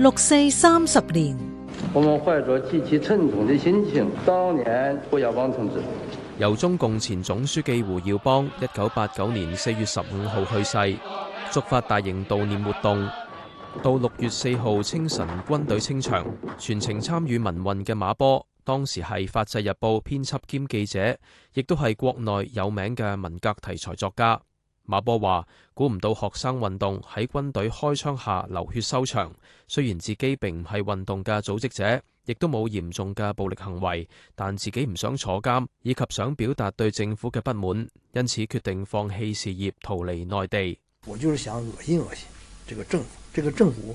六四三十年，我們懷着極其沉重的心情。當年胡耀邦同志，由中共前總書記胡耀邦一九八九年四月十五號去世，觸發大型悼念活動，到六月四號清晨軍隊清場，全程參與民運嘅馬波，當時係法制日報編輯兼記者，亦都係國內有名嘅文革題材作家。馬波話，估唔到學生運動喺軍隊開槍下流血收場，雖然自己並唔係運動嘅組織者，亦都冇嚴重嘅暴力行為，但自己唔想坐監，以及想表達對政府嘅不滿，因此決定放棄事業，逃離內地。我就是想惡心惡心這個政府，這個政府。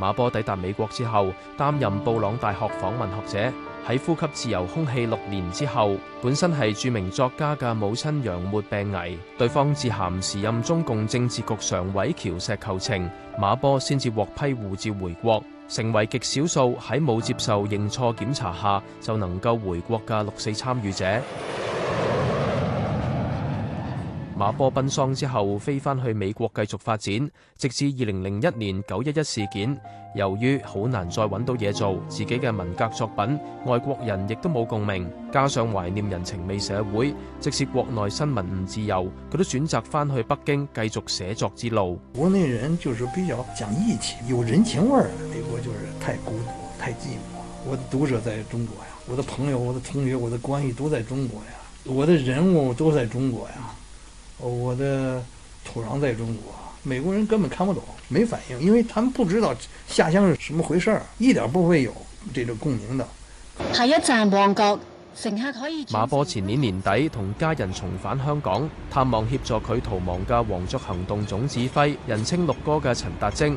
馬波抵達美國之後，擔任布朗大學訪問學者。喺呼吸自由空氣六年之後，本身係著名作家嘅母親楊沫病危，對方致函時任中共政治局常委喬石求情，馬波先至獲批護照回國，成為極少數喺冇接受認錯檢查下就能夠回國嘅六四參與者。馬波奔喪之後，飛翻去美國繼續發展，直至二零零一年九一一事件。由於好難再揾到嘢做，自己嘅文革作品，外國人亦都冇共鳴。加上懷念人情味社會，即使國內新聞唔自由，佢都選擇翻去北京繼續寫作之路。國內人就是比較講義氣，有人情味。美國就是太孤獨、太寂寞。我的讀者在中國呀，我的朋友、我的同學、我的關係都在中國呀，我的人物都在中國呀。我的土壤在中國，美國人根本看不懂，沒反應，因為他們不知道下鄉是什麼回事兒，一點不會有這種共鳴的。下一站旺角，乘客可以。馬波前年年底同家人重返香港，探望協助佢逃亡嘅黃雀行動總指揮，人稱六哥嘅陳達貞。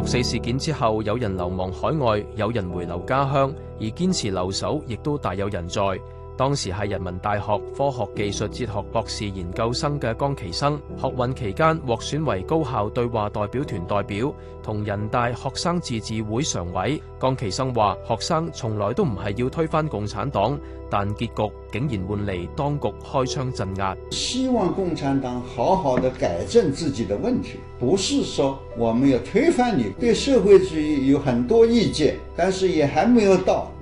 六四事件之後，有人流亡海外，有人回流家鄉，而堅持留守亦都大有人在。當時係人民大學科學技術哲學博士研究生嘅江棋生，學運期間獲選為高校對話代表團代表同人大學生自治會常委。江棋生話：學生從來都唔係要推翻共產黨，但結局竟然換嚟當局開槍鎮壓。希望共產黨好好地改正自己的問題，不是說我們要推翻你，對社會主義有很多意見，但是也還沒有到。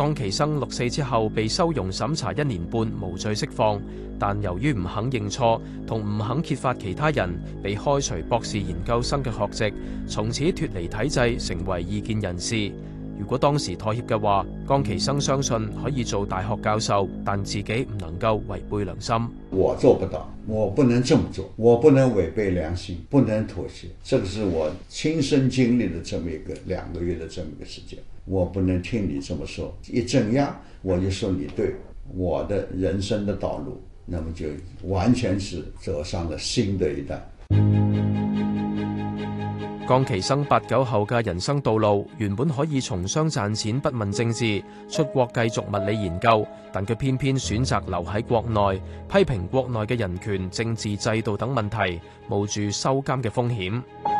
江棋生六四之後被收容審查一年半，無罪釋放，但由於唔肯認錯同唔肯揭發其他人，被開除博士研究生嘅學籍，從此脱離體制，成為異見人士。如果當時妥協嘅話，江棋生相信可以做大學教授，但自己唔能夠違背良心。我做不到，我不能這麼做，我不能違背良心，不能妥協。這個是我親身經歷的這麼一個兩個月的這麼一個時間。我不能聽你這麼說，一鎮壓我就說你對我的人生的道路，那麼就完全是走上了新的一代。江棋生八九後嘅人生道路，原本可以從商賺錢，不問政治，出國繼續物理研究，但佢偏偏選擇留喺國內，批評國內嘅人權、政治制度等問題，冒住收監嘅風險。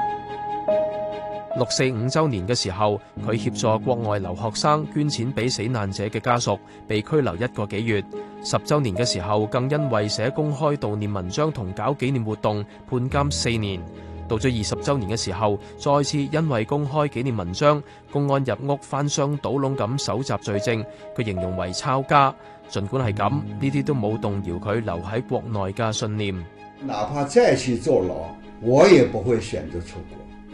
六四五周年嘅時候，佢協助國外留學生捐錢俾死難者嘅家屬，被拘留一個幾月。十周年嘅時候，更因為寫公開悼念文章同搞紀念活動，判監四年。到咗二十周年嘅時候，再次因為公開紀念文章，公安入屋翻箱倒籠咁蒐集罪證，佢形容為抄家。儘管係咁，呢啲都冇動搖佢留喺國內嘅信念。哪怕再去坐牢，我也不會選擇出國。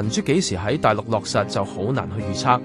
民主幾時喺大陸落實，就好難去預測。